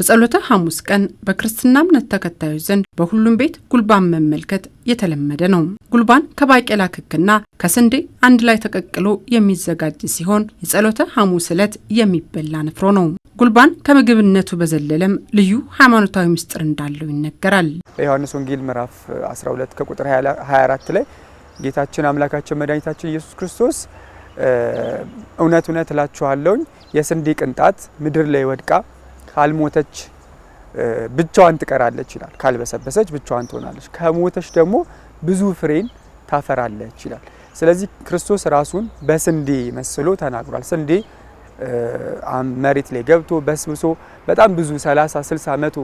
በጸሎተ ሐሙስ ቀን በክርስትና እምነት ተከታዮች ዘንድ በሁሉም ቤት ጉልባን መመልከት የተለመደ ነው። ጉልባን ከባቄላ ክክና ከስንዴ አንድ ላይ ተቀቅሎ የሚዘጋጅ ሲሆን የጸሎተ ሐሙስ ዕለት የሚበላ ንፍሮ ነው። ጉልባን ከምግብነቱ በዘለለም ልዩ ሃይማኖታዊ ምስጢር እንዳለው ይነገራል። በዮሐንስ ወንጌል ምዕራፍ 12 ከቁጥር 24 ላይ ጌታችን አምላካችን መድኃኒታችን ኢየሱስ ክርስቶስ እውነት እውነት እላችኋለሁኝ የስንዴ ቅንጣት ምድር ላይ ወድቃ ካልሞተች ብቻዋን ትቀራለች ይላል። ካልበሰበሰች ብቻዋን ትሆናለች፣ ከሞተች ደግሞ ብዙ ፍሬን ታፈራለች ይላል። ስለዚህ ክርስቶስ ራሱን በስንዴ መስሎ ተናግሯል። ስንዴ መሬት ላይ ገብቶ በስብሶ በጣም ብዙ 30፣ 60፣ መቶ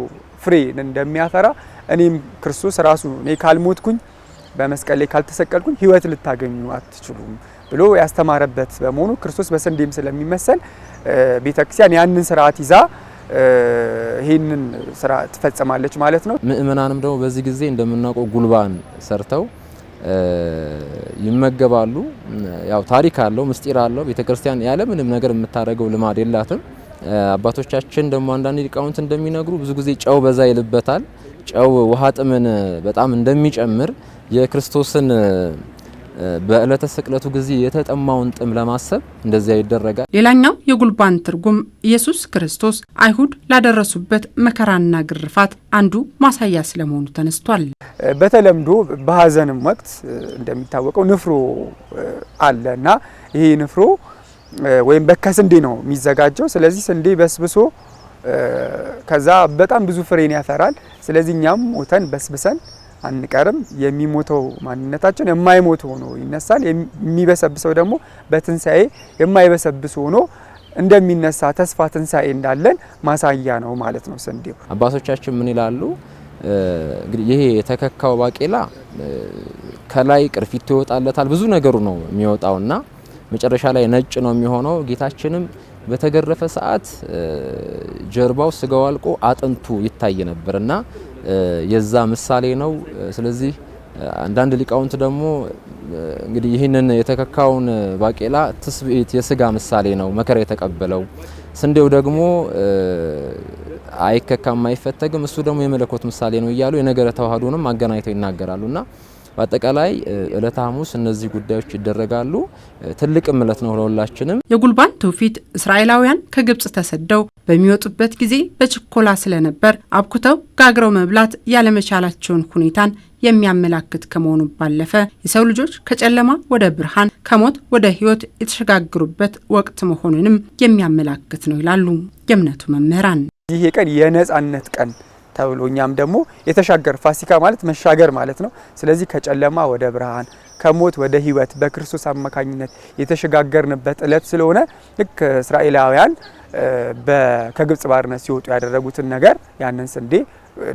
ፍሬ እንደሚያፈራ እኔም ክርስቶስ ራሱ እኔ ካልሞትኩኝ በመስቀል ላይ ካልተሰቀልኩኝ ሕይወት ልታገኙ አትችሉም ብሎ ያስተማረበት በመሆኑ ክርስቶስ በስንዴም ስለሚመሰል ቤተክርስቲያን ያንን ስርዓት ይዛ ይህንን ስራ ትፈጽማለች ማለት ነው። ምእመናንም ደግሞ በዚህ ጊዜ እንደምናውቀው ጉልባን ሰርተው ይመገባሉ። ያው ታሪክ አለው፣ ምስጢር አለው። ቤተክርስቲያን ያለ ምንም ነገር የምታደርገው ልማድ የላትም። አባቶቻችን ደግሞ አንዳንድ ሊቃውንት እንደሚነግሩ ብዙ ጊዜ ጨው በዛ ይልበታል። ጨው ውሃ ጥምን በጣም እንደሚጨምር የክርስቶስን በዕለተ ስቅለቱ ጊዜ የተጠማውን ጥም ለማሰብ እንደዚያ ይደረጋል። ሌላኛው የጉልባን ትርጉም ኢየሱስ ክርስቶስ አይሁድ ላደረሱበት መከራና ግርፋት አንዱ ማሳያ ስለመሆኑ ተነስቷል። በተለምዶ በሀዘንም ወቅት እንደሚታወቀው ንፍሮ አለ እና ይህ ንፍሮ ወይም በከስንዴ ነው የሚዘጋጀው። ስለዚህ ስንዴ በስብሶ ከዛ በጣም ብዙ ፍሬን ያፈራል። ስለዚህ እኛም ሞተን በስብሰን አንቀርም። የሚሞተው ማንነታችን የማይሞት ሆኖ ይነሳል። የሚበሰብሰው ደግሞ በትንሣኤ የማይበሰብስ ሆኖ እንደሚነሳ ተስፋ ትንሣኤ እንዳለን ማሳያ ነው ማለት ነው ስንዴው። አባቶቻችን ምን ይላሉ? እንግዲህ ይሄ የተከካው ባቄላ ከላይ ቅርፊቱ ይወጣለታል፣ ብዙ ነገሩ ነው የሚወጣውና መጨረሻ ላይ ነጭ ነው የሚሆነው። ጌታችንም በተገረፈ ሰዓት ጀርባው ስጋው አልቆ አጥንቱ ይታይ ነበርና የዛ ምሳሌ ነው። ስለዚህ አንዳንድ ሊቃውንት ደግሞ እንግዲህ ይህንን የተከካውን ባቄላ ትስብእት የስጋ ምሳሌ ነው መከራ የተቀበለው ስንዴው ደግሞ አይከካም አይፈተግም፣ እሱ ደግሞ የመለኮት ምሳሌ ነው እያሉ የነገረ ተዋህዶንም አገናኝተው ይናገራሉና በአጠቃላይ እለተ ሐሙስ እነዚህ ጉዳዮች ይደረጋሉ። ትልቅ እምለት ነው ለሁላችንም። የጉልባን ትውፊት እስራኤላውያን ከግብጽ ተሰደው በሚወጡበት ጊዜ በችኮላ ስለነበር አብኩተው ጋግረው መብላት ያለመቻላቸውን ሁኔታን የሚያመላክት ከመሆኑ ባለፈ የሰው ልጆች ከጨለማ ወደ ብርሃን ከሞት ወደ ሕይወት የተሸጋገሩበት ወቅት መሆኑንም የሚያመላክት ነው ይላሉ የእምነቱ መምህራን። ይህ ቀን የነጻነት ቀን ተብሎ እኛም ደግሞ የተሻገር ፋሲካ ማለት መሻገር ማለት ነው። ስለዚህ ከጨለማ ወደ ብርሃን ከሞት ወደ ሕይወት በክርስቶስ አማካኝነት የተሸጋገርንበት እለት ስለሆነ ልክ እስራኤላውያን ከግብጽ ባርነት ሲወጡ ያደረጉትን ነገር ያንን ስንዴ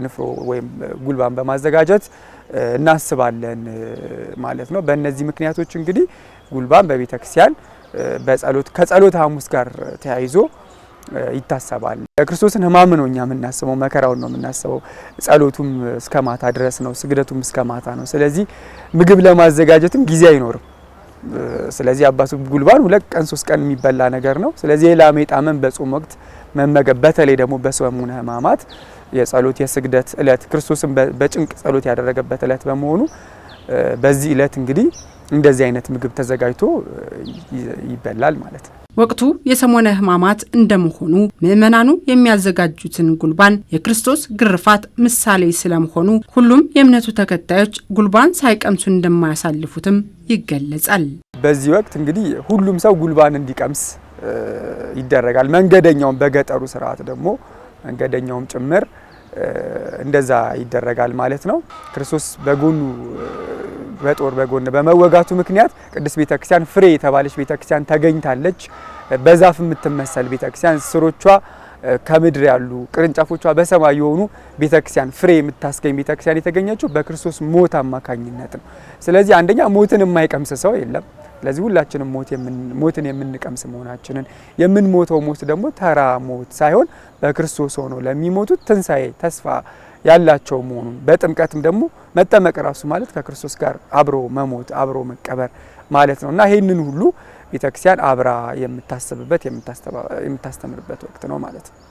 ንፍሮ ወይም ጉልባን በማዘጋጀት እናስባለን ማለት ነው። በእነዚህ ምክንያቶች እንግዲህ ጉልባን በቤተክርስቲያን በጸሎት ከጸሎት ሐሙስ ጋር ተያይዞ ይታሰባል። ክርስቶስን ሕማም ነው እኛ የምናስበው፣ መከራውን ነው የምናስበው። ጸሎቱም እስከ ማታ ድረስ ነው፣ ስግደቱም እስከ ማታ ነው። ስለዚህ ምግብ ለማዘጋጀትም ጊዜ አይኖርም። ስለዚህ አባቱ ጉልባን ሁለት ቀን ሶስት ቀን የሚበላ ነገር ነው። ስለዚህ የላሜ ጣመን በጾም ወቅት መመገብ በተለይ ደግሞ በሰሙነ ሕማማት የጸሎት የስግደት እለት ክርስቶስን በጭንቅ ጸሎት ያደረገበት እለት በመሆኑ በዚህ እለት እንግዲህ እንደዚህ አይነት ምግብ ተዘጋጅቶ ይበላል ማለት ነው። ወቅቱ የሰሞነ ሕማማት እንደመሆኑ ምዕመናኑ የሚያዘጋጁትን ጉልባን የክርስቶስ ግርፋት ምሳሌ ስለመሆኑ ሁሉም የእምነቱ ተከታዮች ጉልባን ሳይቀምሱ እንደማያሳልፉትም ይገለጻል። በዚህ ወቅት እንግዲህ ሁሉም ሰው ጉልባን እንዲቀምስ ይደረጋል። መንገደኛውም በገጠሩ ስርዓት ደግሞ መንገደኛውም ጭምር እንደዛ ይደረጋል ማለት ነው። ክርስቶስ በጎኑ በጦር በጎን በመወጋቱ ምክንያት ቅድስት ቤተክርስቲያን ፍሬ የተባለች ቤተክርስቲያን ተገኝታለች። በዛፍ የምትመሰል ቤተክርስቲያን ስሮቿ ከምድር ያሉ ቅርንጫፎቿ በሰማይ የሆኑ ቤተክርስቲያን ፍሬ የምታስገኝ ቤተክርስቲያን የተገኘችው በክርስቶስ ሞት አማካኝነት ነው። ስለዚህ አንደኛ ሞትን የማይቀምስ ሰው የለም። ስለዚህ ሁላችንም ሞትን የምንቀምስ መሆናችንን የምንሞተው ሞት ደግሞ ተራ ሞት ሳይሆን በክርስቶስ ሆኖ ለሚሞቱት ትንሣኤ ተስፋ ያላቸው መሆኑን በጥምቀትም ደግሞ መጠመቅ ራሱ ማለት ከክርስቶስ ጋር አብሮ መሞት አብሮ መቀበር ማለት ነው እና ይህንን ሁሉ ቤተክርስቲያን አብራ የምታስብበት የምታስተምርበት ወቅት ነው ማለት ነው።